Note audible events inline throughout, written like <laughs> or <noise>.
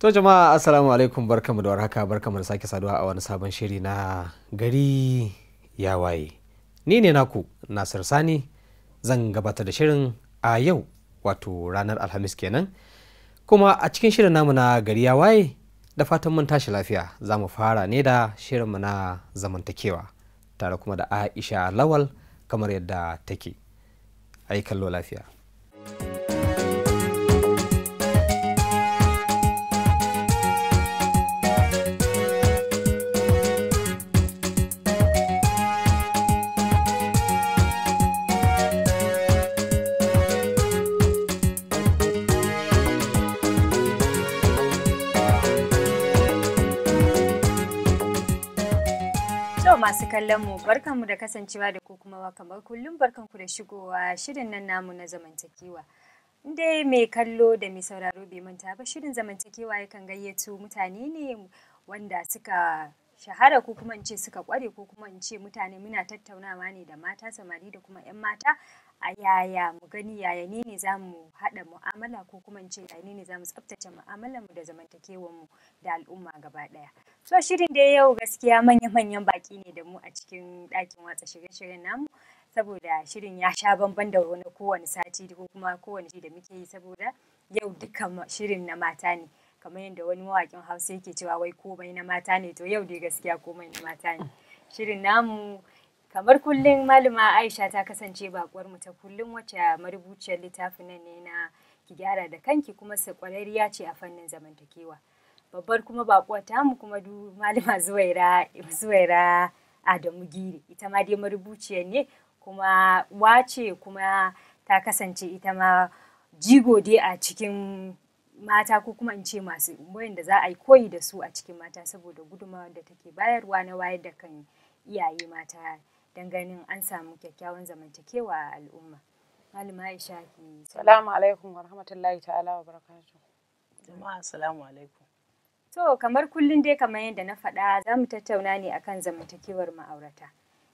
To jama'a assalamu alaikum barkamu da warhaka barkamu da sake saduwa a wani sabon shiri na gari ya waye. Ni ne naku Nasir Sani zan gabatar da shirin a yau wato ranar Alhamis kenan. Kuma a cikin shirin namu na gari ya waye da fatan mun tashi lafiya za mu fara ne da shirinmu na zamantakewa tare kuma da Aisha Lawal kamar yadda take. Aikallo kallo lafiya. masu kallon mu barkanmu da kasancewa da ku kuma kamar kullum barkanku da shigowa shirin nan namu na zamantakewa. Dai mai kallo da mai sauraro bai manta ba shirin zamantakewa yakan gayyato mutane ne wanda suka shahara ko kuma in ce suka kware ko kuma in ce mutane muna tattaunawa ne da mata samari da kuma 'yan mata a yaya mu gani yaya ni ne za mu haɗa mu'amala ko kuma ce yaya ni ne za mu tsaftace mu'amalar mu da zamantakewar mu da al'umma gaba ɗaya. So shirin dai yau gaskiya manya-manyan baƙi ne da mu a cikin ɗakin watsa shirye-shiryen namu. saboda shirin ya sha bamban da wani kowane sati ko kuma kowane shi da muke yi saboda yau duka shirin na mata ne kamar yadda wani mawakin hausa yake cewa wai komai na mata ne to yau dai gaskiya komai na mata ne shirin namu Kamar kullum Malama Aisha ta kasance bakwar mu ta kullum wacce marubuciyar littafin nan ne na ki gyara da kanki kuma su kwararriya ce a fannin zamantakewa. Babbar kuma ta mu kuma du Malama Zuwaira Adamu Giri ita ma dai marubuciya ne kuma wace kuma ta kasance ita ma jigo dai a cikin mata ko kuma in ce masu da za a yi koyi da su a cikin mata saboda gudunmawar da take bayarwa na wayar da kan iyaye mata don ganin an samu kyakkyawan zamantakewa a al'umma. Malama Aisha ki. Salamu alaikum wa rahmatullahi ta'ala wa barakatuh. Jama'a salamu alaikum. To kamar kullum dai kamar yadda na faɗa za mu tattauna ne akan zamantakewar ma'aurata.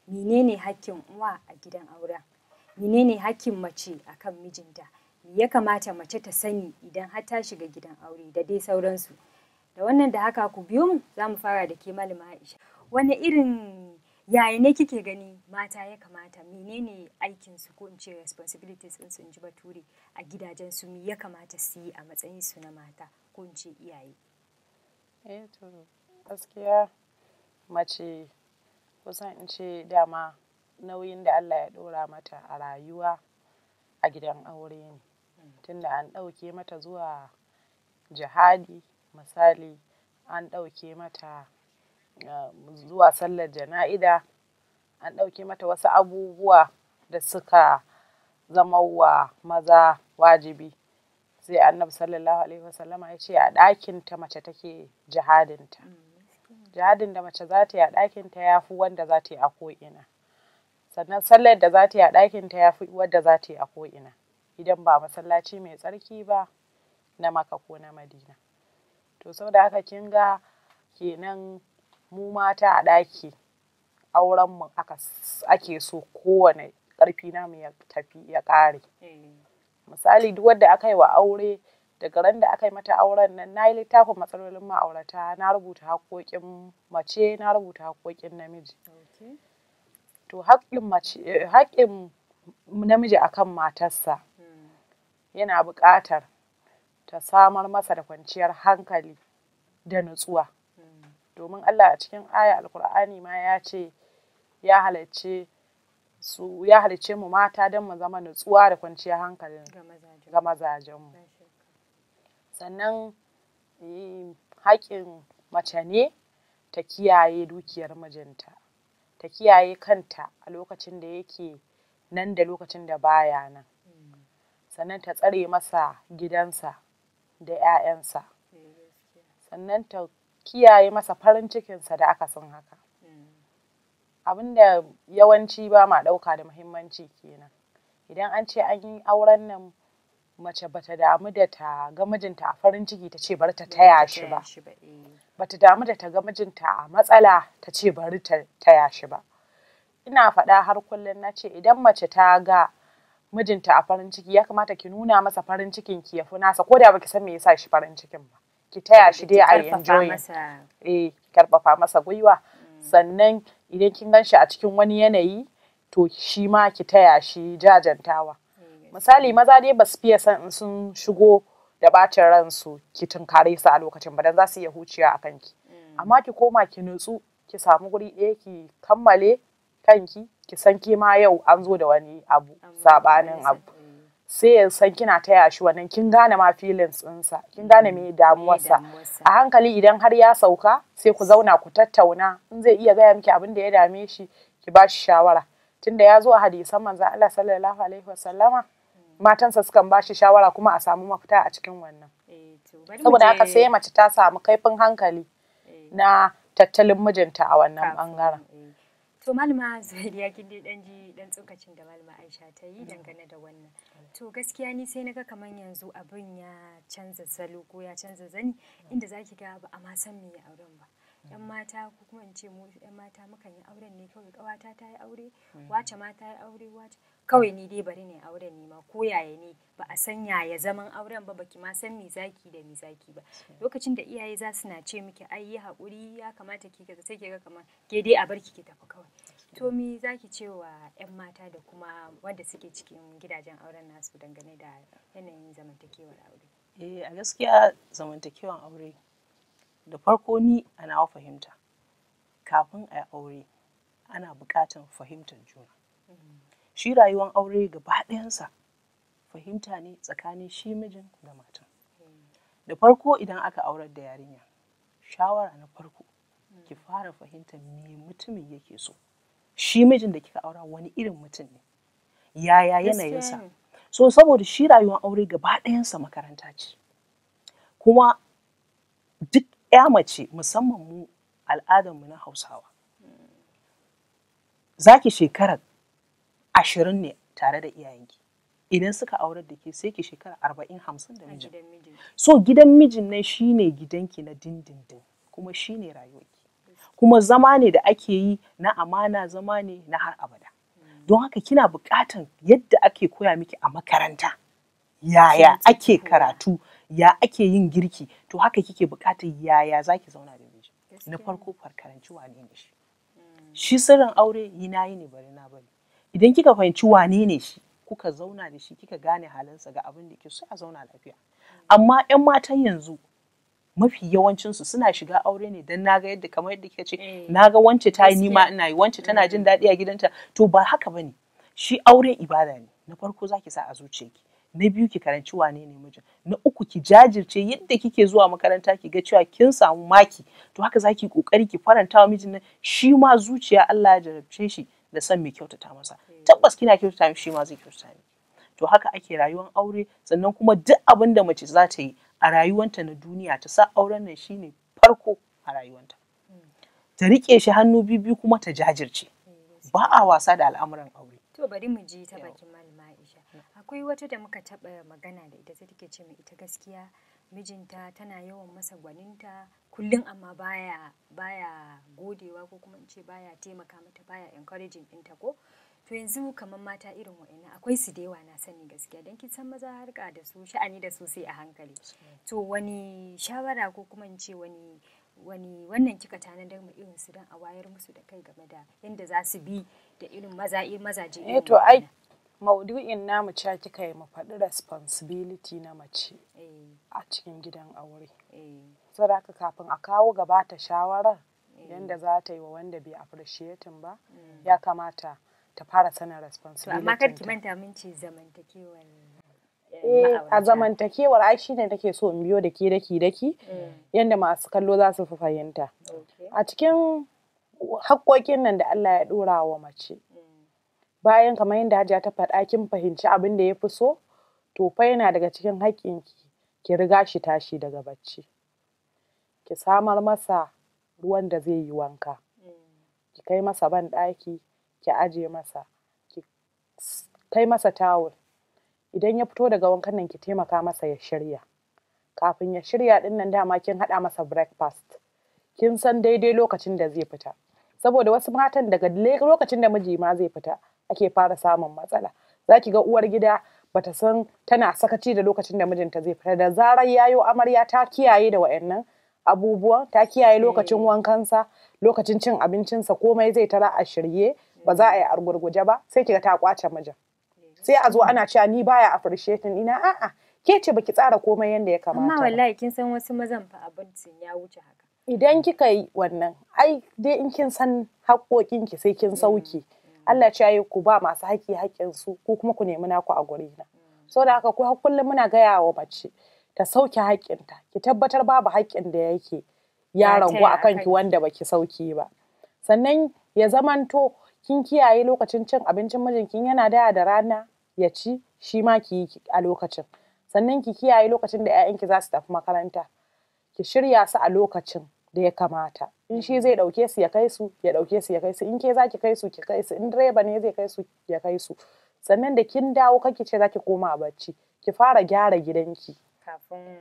Menene hakkin uwa a gidan auren? Menene hakkin mace akan mijinta? Me ya kamata mace ta sani idan har ta shiga gidan aure da dai sauransu? Da wannan da haka ku biyo mu za mu fara da ke malama Aisha. Wani irin yaya ne kike gani mata ya kamata menene aikin su ko in ce responsibilities din in ji bature a gidajen su ya kamata su yi a matsayin su na mata ko in ce iyaye eh to gaskiya mace kusan in ce dama nauyin da Allah ya ɗora mata a rayuwa a gidan aure ne mm. tunda an ɗauke mata zuwa jihadi misali an ɗauke mata zuwa sallar jana'ida an ɗauke mata wasu abubuwa da suka zama wa maza wajibi sai annabi sallallahu alaihi wasallama ya ce a ɗakinta mace take jihadinta mm, jihadin da mace za ta yi a ɗakinta ya fi wanda za ta yi a ko'ina sannan sallar da za ta yi a ɗakinta ya fi wanda za ta yi a ko'ina idan ba masallaci mai tsarki ba na maka ko na madina to sau da haka kin ga kenan mu mata a ɗaki auren mu ake so kowane ƙarfi namu ya tafi ya ƙare eh. misali duk wadda aka yi wa aure daga ran da aka yi mata auren nan na yi littafin matsalolin ma'aurata na rubuta haƙoƙin mace na rubuta haƙoƙin namiji to haƙƙin eh, namiji akan matarsa hmm. yana buƙatar ta samar masa da kwanciyar hankali da nutsuwa domin Allah a cikin aya alkur'ani ma ya ce ya halarci su ya halarce mu mata don mu zama nutsuwa da kwanciyar hankalin ga mazajenmu sannan haƙƙin mace ne ta kiyaye dukiyar mijinta ta kiyaye kanta a lokacin da yake nan da lokacin da baya nan mm. sannan ta tsare masa gidansa da 'ya'yansa eh, sannan ta kiyaye masa farin cikinsa da aka san haka Abinda yawanci ba ma ɗauka da muhimmanci kenan idan an ce an yi auren nan mace bata damu da ta ga mijinta a farin ciki ta ce bari ta taya shi ba eh. bata damu da ta ga mijinta a matsala ta ce bari ta taya shi ba ina faɗa har kullum na ce idan mace ta ga mijinta a farin ciki ya kamata ki nuna masa farin cikin ki ya fi nasa ko da baki san me yasa shi farin cikin ba ki taya shi dai a enjoy eh karfafa masa gwiwa mm. sannan idan kin gan shi a cikin wani yanayi to shi ma ki taya shi jajantawa eh, misali maza dai ba su fiye san in sun shigo da bacin ransu ki tunkare su a lokacin ba dan za su iya huciya a kanki mm. amma ki koma ki nutsu ki samu guri ɗaya ki kammale kanki ki san ki ma yau an zo da wani abu sabanin abu sai ya san kina taya shi wannan kin gane ma feelings ɗinsa kin gane me damuwarsa a hankali idan har ya sauka sai ku zauna ku tattauna in zai iya gaya miki abin da ya dame shi ki ba shi shawara tunda ya zo a hadisan manzon Allah sallallahu alaihi wasallama mm. matansa sukan ba shi shawara kuma a samu mafita a cikin wannan eh, saboda haka sai mace ta samu kaifin hankali eh. na tattalin mijinta a wannan bangaren To Malama Zuhariya kin dai dan ji dan tsokacin da Malama Aisha ta yi dangane da wannan. To gaskiya ni sai naga kaman yanzu abin ya canza salo ko ya canza zani inda zaki ga ba a ma san me ya auren ba. 'yan mata ko kuma in ce mu 'yan mata mukan yi auren ne kawai ƙawata ta yi aure mm. wace ma ta yi aure wace kawai ni dai bari ne auren ne ma ko yaya ne ba a san yaya zaman auren ba baki ma san me zaki da me zaki ba lokacin da iyaye za su na ce miki ai yi haƙuri ya kamata ki kaza sai ki ga kamar ke dai a bar ki tafi kawai to me zaki ce wa 'yan mata da kuma wanda suke cikin gidajen auren nasu dangane da yanayin zamantakewar aure eh a gaskiya zamantakewar aure da farko ni a nawa fahimta kafin a yi aure ana buƙatar fahimtar juna shi rayuwar aure gaba ɗayansa fahimta ne tsakanin shi mijin da matan da farko idan aka aurar da yarinya shawara na farko ki fara fahimtar me mutumin yake so shi mijin da kika aura wani irin mutum ne yaya yanayinsa so saboda shi rayuwar aure gaba ɗayansa makaranta ce kuma duk 'ya mace musamman mu al'adarmu na hausawa za ki shekarar ashirin ne tare da iyayenki idan suka aurar da ke sai ki shekara arba'in hamsin da mijin so gidan mijin nan shine gidanki na dindindin kuma shine rayuwarki kuma zama ne da ake yi na amana zama ne na har abada don haka kina buƙatan yadda ake koya miki a makaranta yaya ake karatu ya ake yin girki to haka kike bukatar yaya zaki zauna da miji na farko farkaranci wane ne shi shi sirrin aure yina yi ne bari na bari idan kika fahimci wane ne shi kuka zauna da shi kika gane halinsa ga abin da ke so a zauna lafiya amma yan matan yanzu mafi yawancinsu suna shiga aure ne don naga yadda kamar yadda kika ce eh, naga wance ta yi nima ina yi wance tana mm. jin daɗi a gidanta to ba haka bane shi aure ibada ne na farko zaki sa a zuciyarki na biyu ki karanci wane ne mijin na uku ki jajirce yadda kike zuwa makaranta ki ga cewa kin samu maki to haka zaki kokari ki faranta wa mijin nan shi ma zuciya Allah ya jarabce shi da san me kyautata masa tabbas kina kyautata mishi shi ma zai kyautata miki to haka ake rayuwar aure sannan kuma duk abin da mace za ta yi a rayuwanta na duniya ta sa auren nan shine farko a rayuwanta ta rike shi hannu biyu kuma ta jajirce ba a wasa da al'amuran aure to bari mu ji ta bakin akwai wata da muka taɓa magana da ita sai take ce mai ita gaskiya mijinta tana yawan masa gwaninta kullum amma baya baya godewa ko kuma in ce baya taimaka mata baya encouraging ɗinta ko to yanzu kamar mata irin wa'annan akwai su da na sani gaskiya don kin san maza harka da su sha'ani da su sai a hankali to wani shawara ko kuma in ce wani wani wannan kika tanadar mu irin su don a wayar musu da kai game da yadda za su bi da irin maza mazaje eh to ai maudu'in namu ca kika yi mu faɗi responsibility na mace eh. a cikin gidan aure eh. Saraka kafin a kawo gaba ta shawarar eh. Yadda za ta yi wa wanda bai appreciating ba mm. ya kamata ta fara sanin responsibility amma kar ki manta mun ce zamantakewar a zamantakewar ai shine take so in biyo da ke daki daki mm. Yadda masu kallo za su fi fahimta a cikin haƙƙoƙin nan da Allah ya ɗora wa mace bayan kamar yadda Hajiya ta faɗa kin fahimci abin da ya fi so to fa yana daga cikin haƙƙin ki riga shi tashi daga bacci ki samar masa ruwan da zai yi wanka ki kai masa banɗaki ki aje masa ki kai masa tawul idan ya fito daga wankan nan ki taimaka masa ya shirya kafin ya shirya din nan dama kin haɗa masa breakfast kin san daidai lokacin da zai fita saboda wasu matan daga lokacin da miji ma zai fita ake fara samun matsala za ki ga uwar gida bata san tana sakaci da lokacin da mijinta zai fita da zarar yayo amarya ta kiyaye da wayannan abubuwan ta kiyaye lokacin eh. wankansa lokacin cin abincinsa komai zai tara a shirye ba za a yi argurguje ba sai kiga ta kwace mijin sai a zo ana cewa ni baya a appreciating ina a'a ke ce baki tsara komai yanda ya kamata amma wallahi kin san wasu mazan fa abincin ya wuce haka idan kika yi wannan ai dai in kin san ki sai kin mm. sauke Allah ya yi ku ba masu haƙƙi haƙƙin su ko kuma ku nemi naku a guri na so da haka ku har kullum muna gaya wa mace ta sauke haƙƙinta ki tabbatar babu haƙƙin da yake ya ragu a kan ki wanda baki sauki ba sannan ya zamanto kin kiyaye lokacin cin abincin mijinkin yana daya da rana ya ci shi ma ki a lokacin sannan ki kiyaye lokacin da 'ya'yanki za su tafi makaranta ki shirya su a lokacin da ya kamata in shi mm-hmm. zai dauke su ya kai su ya dauke su ya kai su in ke zaki kai su ki kai su in direba ne zai kai su ya kai su sannan da kin dawo kake ce za ki koma a bacci ki fara gyara gidanki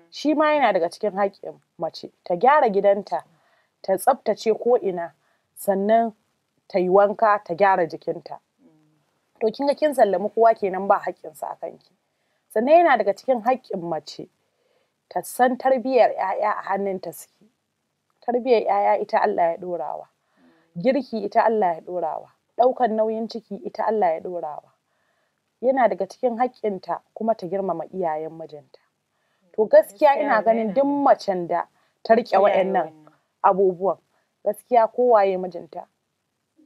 shi ma yana daga cikin haƙƙin mace ta gyara gidanta ta tsaftace ko ina sannan ta yi wanka ta gyara jikinta mm. to kin ga kin sallami kowa kenan ba haƙƙinsa a kanki sannan yana daga cikin haƙƙin mace ta san tarbiyyar 'ya'ya a hannunta suke tarbiyyar 'ya'ya ita Allah ya ɗorawa girki ita Allah ya ɗorawa ɗaukar nauyin ciki ita Allah ya ɗorawa yana daga cikin haƙƙinta kuma ta girmama iyayen mijinta to gaskiya ina ganin duk macen da ta riƙe waɗannan abubuwan gaskiya kowaye mijinta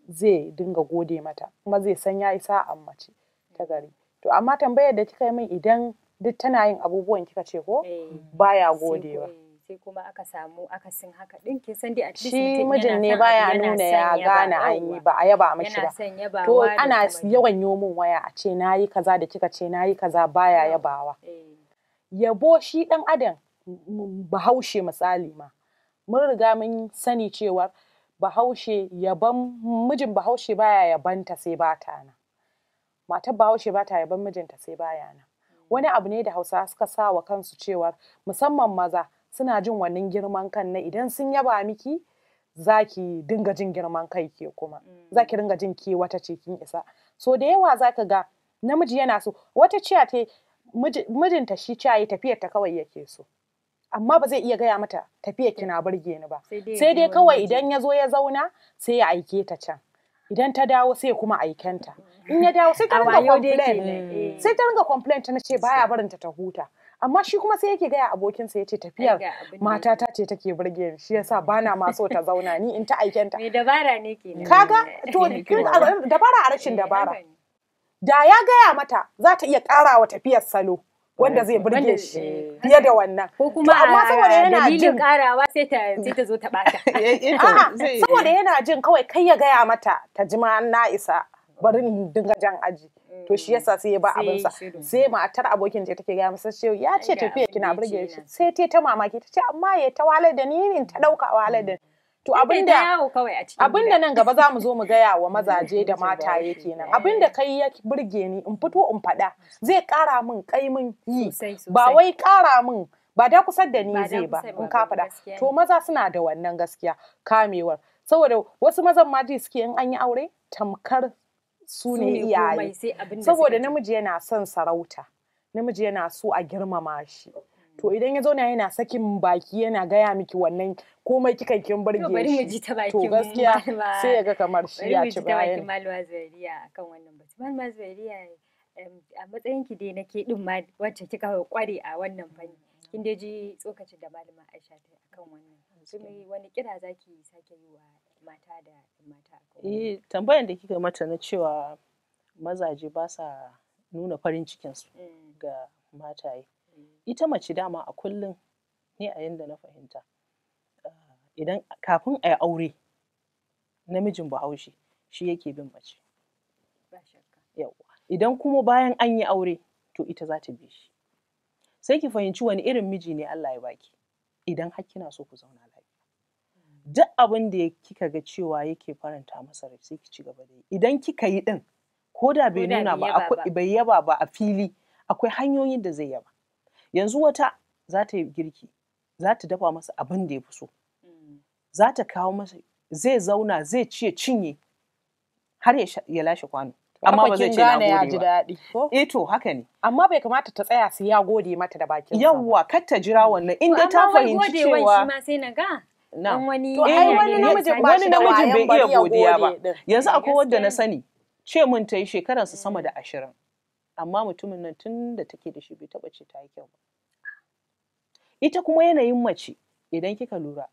zai dinga gode mata kuma zai san ya yi sa'a mace ta gari to amma tambayar da kika yi min idan duk tana yin abubuwan kika ce ko eh, baya godewa sai kuma aka samu akasin haka din kin san dai a cikin shi mijin ne baya nuna ya gane an yi ba a yaba mishi ba to ana yawan min waya a ce nayi kaza da kika ce nayi kaza baya yabawa eh. yabo shi dan adam mm, bahaushe misali ma mun riga mun sani cewar bahaushe yaban mijin bahaushe baya yabanta sai bata na matar bahaushe bata yaban mijinta sai baya na mm. wani abu ne da hausa suka sa wa kansu cewar musamman maza suna jin wannan girman kan na idan sun yaba miki za ki dinga jin girman kai ke kuma mm. za ki dinga jin ke wata ce kin isa so da yawa za ka ga namiji yana so wata ciya ta mijinta shi ciya ya tafiyar ta kawai yake so amma ba zai iya gaya mata tafiya kina burge ni ba sai dai kawai idan ya zo ya zauna sai ya aike ta can idan ta dawo sai kuma aikenta in ya dawo sai ta ringa complain eh. sai ta ringa complain ta ce baya barinta ta huta amma shi kuma sai yake gaya abokinsa yace tafiyar matata ce take burge ni shi yasa bana ma so ta zauna ni in ta aikenta me dabara ne kenan kaga <laughs> to dabara a rashin eh, dabara da ya gaya mata za ta iya ƙara wa tafiyar salo wanda zai burge shi eh, fiye da wannan. Ko kuma amma saboda yana jin karawa sai ta sai ta zo ta bata. <laughs> Eh, saboda yana jin kawai kai ya gaya mata ta jima na isa bari dinga jan aji. to shi yasa sai ya ba abin sa sai matar abokin ta take gaya masa cewa ya ce tafiya kina burge shi sai ta ta mamaki ta ce amma ya ta wahalar da ni ta dauka wahalar da mm. To abinda abinda nan gaba za mu zo mu gaya wa <laughs> mazaje da mata yake kenan. Abinda kai ya burge ni in fito in fada mm. zai kara min kaimin yi ba wai kara min ba da kusa da ni zai ba in ka fada To maza suna da wannan gaskiya kamewar. Saboda wasu mazan ma ji suke in an yi aure tamkar su ne iyaye saboda namiji yana son sarauta namiji yana so a girmama shi to mm. idan ya zauna yana sakin baki yana gaya miki wannan komai kika kin burge shi to gaskiya <laughs> sai ya ga kamar shi ya ci bayan bari ji ta wannan batu malama zariya a matsayin ki dai nake din ma wacce kika kware a wannan fanni mm. kin dai ji tsokacin da malama Aisha ta akan wannan kuma wani kira zaki sake yi wa mata da eh tambayan da kika mata na cewa mazaje ba sa nuna farin cikinsu mm. ga mataye mm. ita mace dama a kullum ne a yadda na fahimta ah, idan kafin a yi aure namijin bahaushe shi yake bin mace idan kuma bayan an yi aure to ita za ta bi shi sai ki fahimci wani irin miji ne Allah ya baki idan har so ku zauna lafiya duk abin da kika ga cewa yake faranta masa rai sai ki ci gaba da yi idan kika yi din ko da bai nuna ba akwai bai yaba ba a fili akwai hanyoyin da zai yaba yanzu wata za ta yi girki za ta dafa masa abin da ya fi so mm. za ta kawo masa zai zauna zai ci ya cinye har ya lashe kwano amma ba zai ce na gode ba eh to haka ne amma bai kamata ta tsaya su ya gode mata da bakin yawwa kar ta jira mm. wannan in dai ta fahimci cewa amma gode ma sai na ga wani namijin bai iya godiya ba yanzu akwai wadda na sani ce mun ta yi shekaransa sama mm. da ashirin amma mutumin nan tun da take da shi bai taba ce ta yi kyau ba ita kuma yanayin mace idan kika lura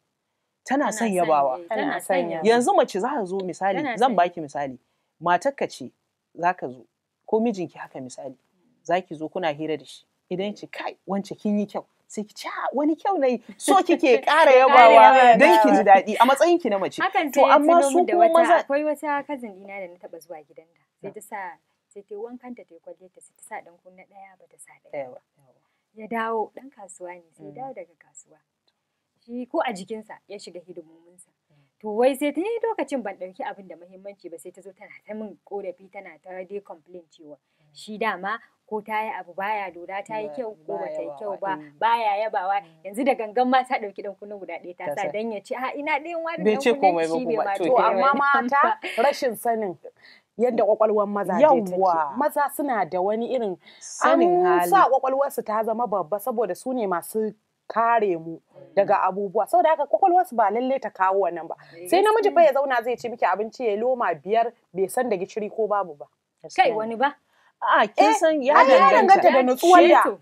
tana son yabawa eh, yanzu mace za zo misali zan baki misali matarka ce za ka zo ko mijinki haka misali za ki zo kuna hira da shi idan ce kai wance kin yi kyau sai ki ci ah, wani kyau nayi so <laughs> kike ƙara yabawa dan ki ji daɗi a matsayin ki na mace to amma su kuma maza akwai wata cousin dina da na taba zuwa da. sai ta sa sai ta wankan ta ta kwalle ta sai ta sa dan kunna ɗaya ba ta sa daya ba ya dawo dan kasuwa ne sai dawo mm. daga kasuwa shi ko a jikinsa ya shiga hidimominsa mm. to wai sai ta yi eh, lokacin ban ɗauki abin da muhimmanci ba sai ta zo tana ta min korafi tana ta dai complain cewa mm. shi dama ko ta yi abu baya doda ta yi kyau ko ba ta yi kyau ba eh. baya yabawa mm. yanzu da gangan ma ta ɗauki ɗan kunu guda ɗaya ta sa dan ya ce a ah, ina ɗayan wani ɗan ne ba to amma mata <laughs> rashin sanin yadda kwakwalwar maza ta yawwa maza suna da wani irin sanin an sa kwakwalwarsu ta zama babba saboda su ne masu kare mu daga mm. abubuwa saboda haka kwakwalwarsu ba lalle ta kawo wannan ba eh, sai namiji fa ya zauna zai ci miki abinci ya loma biyar bai san da gishiri ko babu ba kai wani ba A'a kin eh, san ya danganta da nutsuwar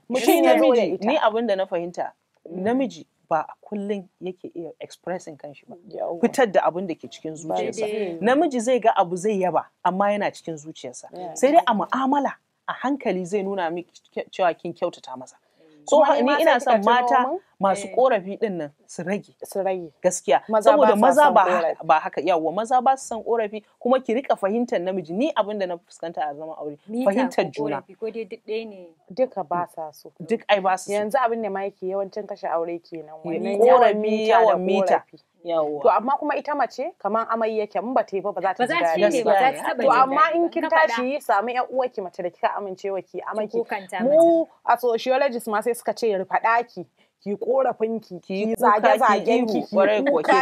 mutum ya zo Ni abin da na fahimta mm. namiji ba kullum yake iya expressing kanshi ba fitar da abin da ke cikin zuciyarsa mm. namiji zai ga abu zai yaba amma yana cikin zuciyarsa sai dai a mu'amala a hankali zai nuna miki cewa kin kyautata masa mm. so ni ina son mata masu korafi eh. din nan su rage su rage gaskiya saboda maza ba ba haka yawa maza ba su san korafi kuma ki rika fahimtar namiji ni abin da na fuskanta a zaman aure fahimtar juna ko dai duk ɗaya ne duka ba mm. sa so duk ai ba su yanzu abin da ma yake yawancin kashe aure kenan wannan korafi yawan mita yawa to amma kuma ita mace kaman amai yake mun ba ta yi ba ba za ta ji daɗi ba to amma in kin tashi samu ƴan uwarki mace da kika amincewa ki amaki mu a sociologist ma sai suka ce rufa ɗaki ki korafin ki ki zage zagen ki kuka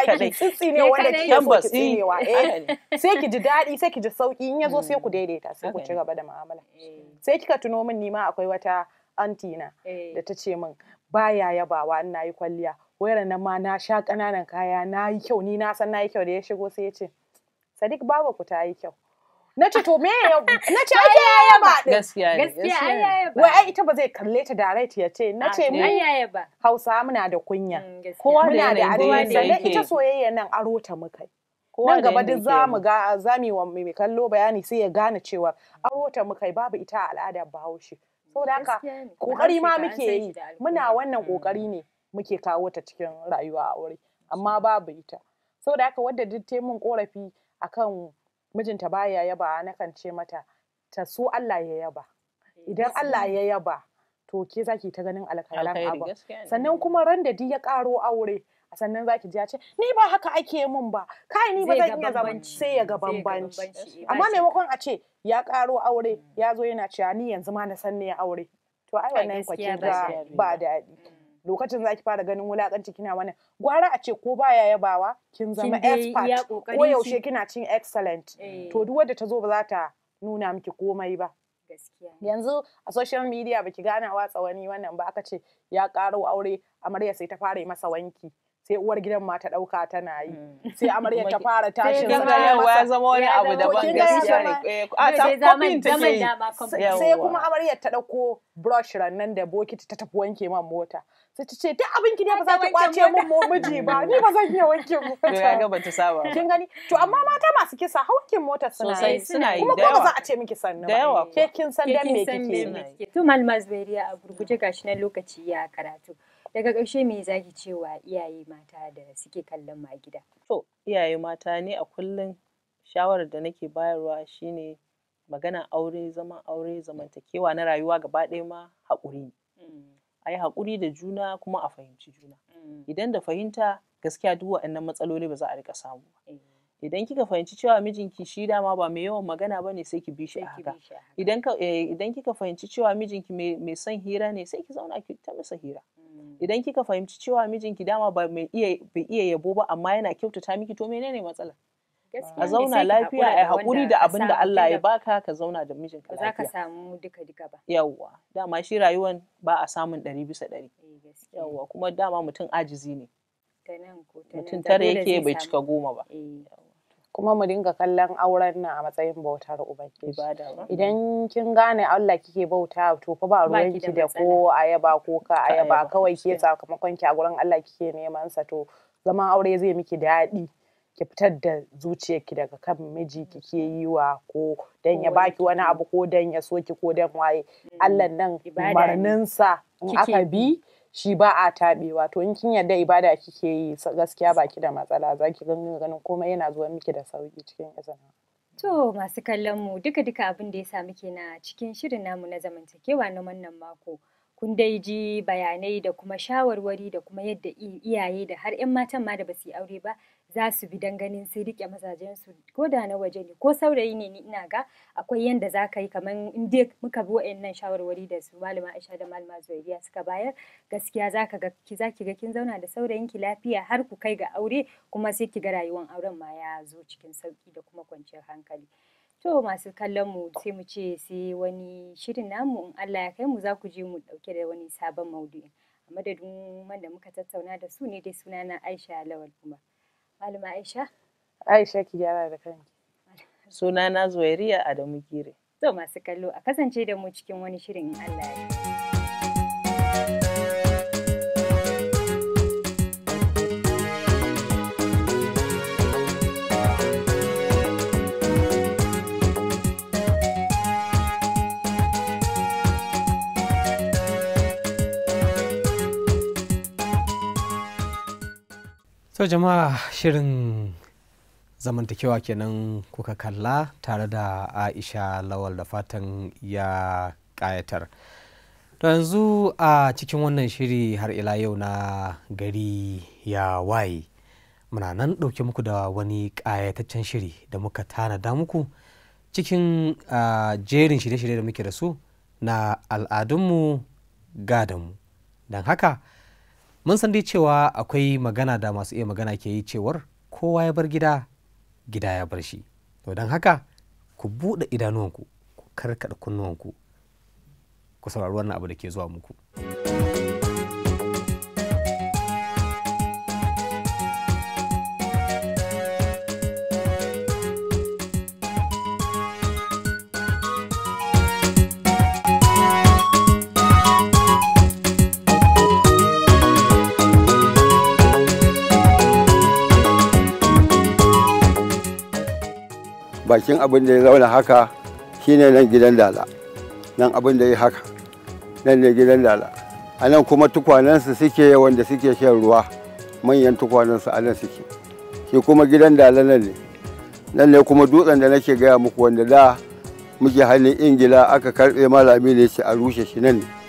ki ne wanda so ki eh. tsinewa <laughs> eh, sai ki ji daɗi sai ki ji sauki in ya zo, hmm. sai ku daidaita sai ku ci gaba da mu'amala eh. sai kika tuno min nima akwai wata anti na da ta ce min baya yabawa in nayi kwalliya wayar nan ma na sha ƙananan kaya na yi kyau ni na san na yi kyau da ya shigo sai ya ce Sadik baba ku ta yi kyau na to me ya na ce ai ya yaba gaskiya gaskiya ai ya ba wai ai ita ba zai kalle ta direct ya ce na ah, ce mu eh. Hausa muna da kunya mm, kowa muna da arewa sannan ita soyayya nan aro ta muka nan gaba duk za mu ga za mu wa mai kallo bayani sai ya gane cewa mm. aro ta muka babu ita a al'adar Bahaushe saboda haka kokari ma muke yi muna wannan mm. kokari ne muke kawo ta cikin rayuwa a aure amma babu ita saboda haka wadda duk mun korafi akan mijinta baya yaba na kan ce mata ta so Allah ya yaba eh, idan Allah ya yaba to ke zaki ta ganin alkhairan abu sannan kuma ran da di ya karo aure sannan zaki ji ya ce ni ba haka ake mun ba kai ni ba zan iya zaman sai ya ga bambanci amma maimakon a ce ya karo aure mm. ya zo yana cewa ni yanzu ma na san ne aure to ai wannan kwakin ba daɗi mm. lokacin za ki fara ganin wulakanci kina wannan gwara a ce ko baya yabawa kin zama expert ko yaushe kina cin excellent eh. to duk wanda ta zo ba za ta nuna miki komai ba yanzu a social media baki ganawa tsawani wannan ba aka ce ya karo aure amarya sai ta fara masa wanki sai uwar gidan ma ta dauka tana yi hmm. sai amarya ta fara tashin da yau ya zama wani abu daban gaskiya ne eh, a ta kofin ta ke sai kuma amaryar ta dauko brush rannan da bokiti ta tafi wanke man mota sai ta ce duk abin ki ne ba za ta kwace mun mu miji ba ni ba zan iya wanke mota ya ga bata saba kin gani to amma hmm. mata masu kisa haukin mota suna yi suna yi kuma ko ba za a ce miki da yawa ke kin san dan me kike to malmas beriya a gurguje gashi nan lokaci ya karatu daga ƙarshe me za ki ce iyaye mata da suke kallon magida. gida to iyaye mata ne a kullum shawarar da nake bayarwa shine magana aure zaman aure zamantakewa na rayuwa gaba ɗaya ma haƙuri ne mm. a yi haƙuri da juna kuma a fahimci juna mm. idan da fahimta gaskiya duk waɗannan matsaloli ba za a rika samu ba eh. idan kika fahimci cewa mijinki shi dama ba mai yawan magana ba ne sai ki bi shi a haka eh, idan kika fahimci cewa mijinki mai son hira ne sai ki zauna ki ta masa hira hmm. idan kika fahimci cewa mijinki dama ba mai iya yabo ba amma yana kyautata miki to menene matsalar a zauna lafiya a haƙuri da abin da Allah ya baka ka zauna da mijinka lafiya. Ba za ka samu duka duka ba. Yawwa dama shi rayuwan ba a samun ɗari bisa ɗari. Eh, Yawwa kuma dama mutum ajizi ne. Mutum tare yake bai cika goma ba. Eh. kuma mu dinga kallon auren nan a matsayin bautar ubangiji idan kin gane Allah kike bauta to fa ba ruwan ki da ko ayaba ko ka ayaba kawai ke sakamakon ki a gurin Allah kike neman sa to zaman aure zai miki daɗi ki fitar da zuciyarki daga kan miji kike yi wa ko dan ya baki wani abu ko dan ya soki ko dan waye mm. Allah nan sa in aka bi shi ba a taɓewa to in kin yadda ibada kike yi gaskiya baki da matsala za ki ganin ganin komai yana zuwa miki da sauki cikin izinin To masu kallon mu duka duka abin da ya samu muke na cikin shirin namu na zamantakewa na wannan mako kun dai ji bayanai da kuma shawarwari da kuma yadda iyaye da har 'yan matan ma da ba su yi aure ba za su bi dan ganin sai rike mazajen su. ko da na waje ne ko saurayi ne ni ina ga akwai yanda za ka yi kamar in dai muka bi wa'annan shawarwari da su malama Aisha da malama Zuwairiya suka bayar gaskiya za ka ga ki za ki ga kin zauna da saurayin ki lafiya har ku kai ga aure kuma sai ki ga rayuwar auren ma ya zo cikin sauki da kuma kwanciyar hankali. To masu kallon mu sai mu ce sai wani shirin namu in Allah ya kai mu za ku je mu dauke da wani sabon maudu'i madadin wanda muka tattauna da su ne dai sunana Aisha Lawal kuma. Malama Aisha. Aisha ki gyara da kanki. Suna na Zuwairiya Adamu Gire. To masu kallo a kasance da mu cikin wani shirin in Allah ya so jama'a shirin zamantakewa kenan kuka kalla tare da aisha lawal da fatan ya kayatar to yanzu a cikin wannan shiri har ila yau na gari ya waye muna nan ɗauke muku da wani ƙayataccen shiri da muka tanada muku cikin jerin shirye-shirye da muke da su na al'adunmu gadanmu don haka mun san dai cewa akwai magana da masu iya magana ke yi cewar kowa ya bar gida gida ya bar shi to don haka ku buɗe idanuwanku ku karkaɗa kunnuwanku ku saurari wannan abu da ke zuwa muku. bakin abin da ya zauna haka shine nan gidan dala nan abin da ya haka nan ne gidan dala a nan kuma tukwanensu suke wanda suke shan ruwa manyan tukwanensu a nan suke shi kuma gidan dala nan ne nan ne kuma dutsen da nake gaya muku wanda da muke hannun ingila aka karbe malami ne shi a rushe shi nan ne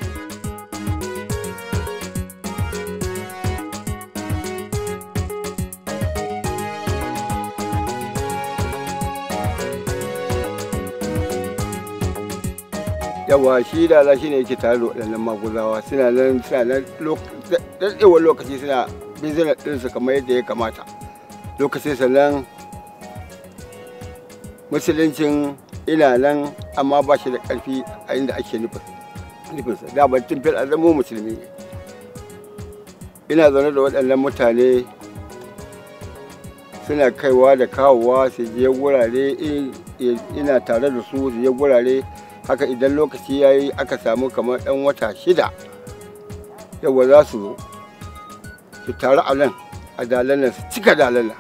yawa shi da za shi ne yake tare da waɗannan maguzawa suna nan suna nan daɗewar lokaci suna zina ɗinsu kamar yadda ya kamata lokaci sannan musuluncin ina nan amma ba shi da ƙarfi a inda ake nufinsa da ban tun fil azamu musulmi ina zaune da waɗannan mutane suna kaiwa da kawowa su je wurare eh, eh, ina tare da su su je wurare haka idan lokaci ya yi aka samu kamar 'yan wata shida yawa za su zo su taru a nan a dalilan su cika dalilan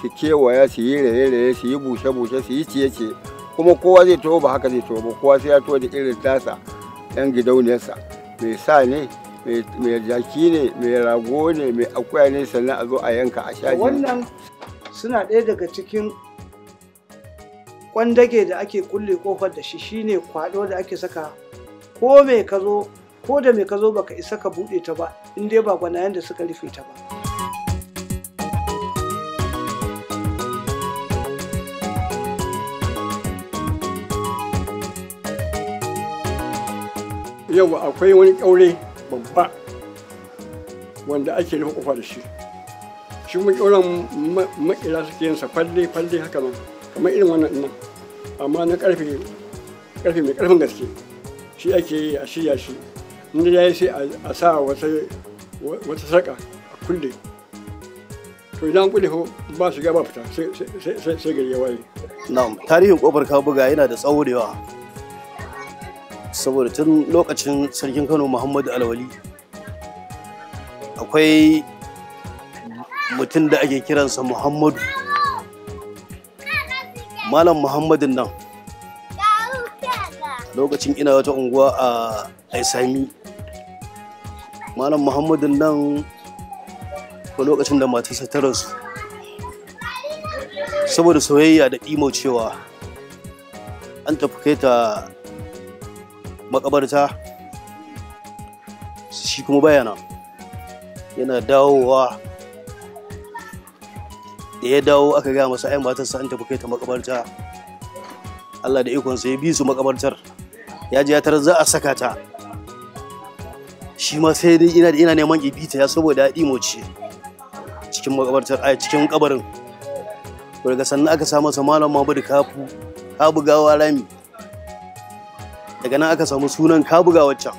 su kewaya su yi raye-raye su yi bushe-bushe su yi ciye-ciye kuma kowa zai taho ba haka zai taho ba kowa sai ya taho da irin tasa yan gidauniyarsa mai sa ne mai jaki ne mai rago ne mai akwai ne sannan a zo a yanka a sha wannan suna ɗaya daga cikin dage da ake kulle kofar da shi shine kwado da ake saka ko mai ka zo ko da mai ka zo baka isa ka buɗe ta ba in dai ba gwanayen da suka rufe ta ba yau akwai wani ƙaure babba wanda ake rufe kofa da shi shi mu ƙauren makira suke yin sa falle falle haka nan kamar irin wannan nan amma na karfe karfe mai karfin gaske shi ake yi a shirya shi inda ya yi sai a sa wata sarka a kulle to idan kulle ko ba shiga ba fita sai gari ya waye na tarihin kofar kabuga yana da tsawo da yawa saboda tun lokacin sarkin kano muhammadu alwali akwai mutum da ake kiransa muhammadu malam muhammadin nan lokacin ina wata unguwa a aisami malam muhammadin nan ko lokacin da matarsa ta rasu saboda soyayya da imo cewa an tafi kai ta makabarta shi kuma bayana yana dawowa da ya dawo aka gaya masa ai matar an ta kai ta makabarta Allah da ikonsa ya bi su makabartar ya ji ya za a saka ta shi ma sai dai ina ina neman ibita ya saboda imo ce cikin makabartar a cikin kabarin daga sannan aka samu masa malam Mahmud Kafu ka bugawa Rami daga nan aka samu sunan ka bugawa waccan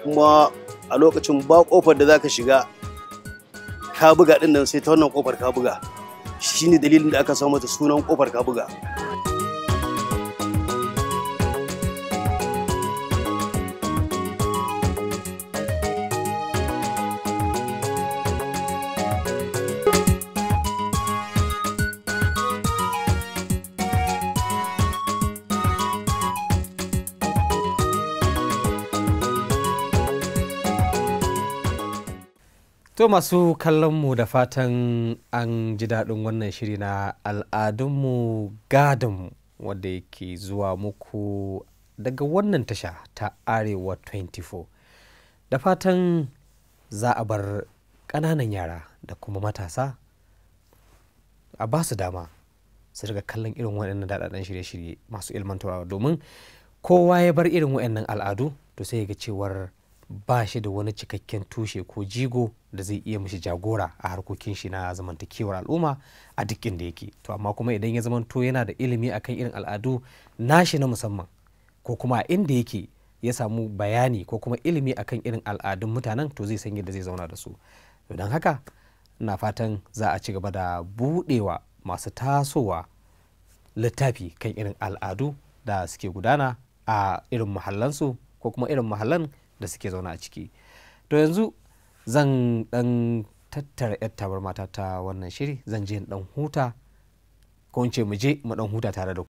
kuma a lokacin ba kofar da zaka shiga ka buga din nan sai ta wannan kofar ka buga shine dalilin da aka samu mata sunan kofar ka buga To masu mu da fatan an ji daɗin wannan shiri na al'adunmu gadonmu wadda yake zuwa muku daga wannan tasha ta Arewa 24. Da fatan za a bar ƙananan yara da kuma matasa a ba su dama su daga kallon irin waɗannan daɗaɗɗen shirye-shirye masu ilmantarwa domin kowa ya bar irin waɗannan al'adu to sai ya ga cewar ba shi da wani cikakken tushe ko jigo da zai iya mishi jagora a harkokin shi na zamantakewar al'umma a duk inda yake to amma kuma idan ya zamanto yana da ilimi akan irin al'adu nashi na musamman ko kuma a inda yake ya samu bayani ko kuma ilimi akan irin al'adun mutanen to zai san yadda zai zauna da su don haka na fatan za a ci gaba da budewa masu tasowa littafi kan irin al'adu da suke gudana a irin muhallansu ko kuma irin mahallan da suke zauna a ciki to yanzu zan dan tattara yar tabar mata ta wannan shiri zan je dan huta ko in ce mu je mu dan huta tare da ku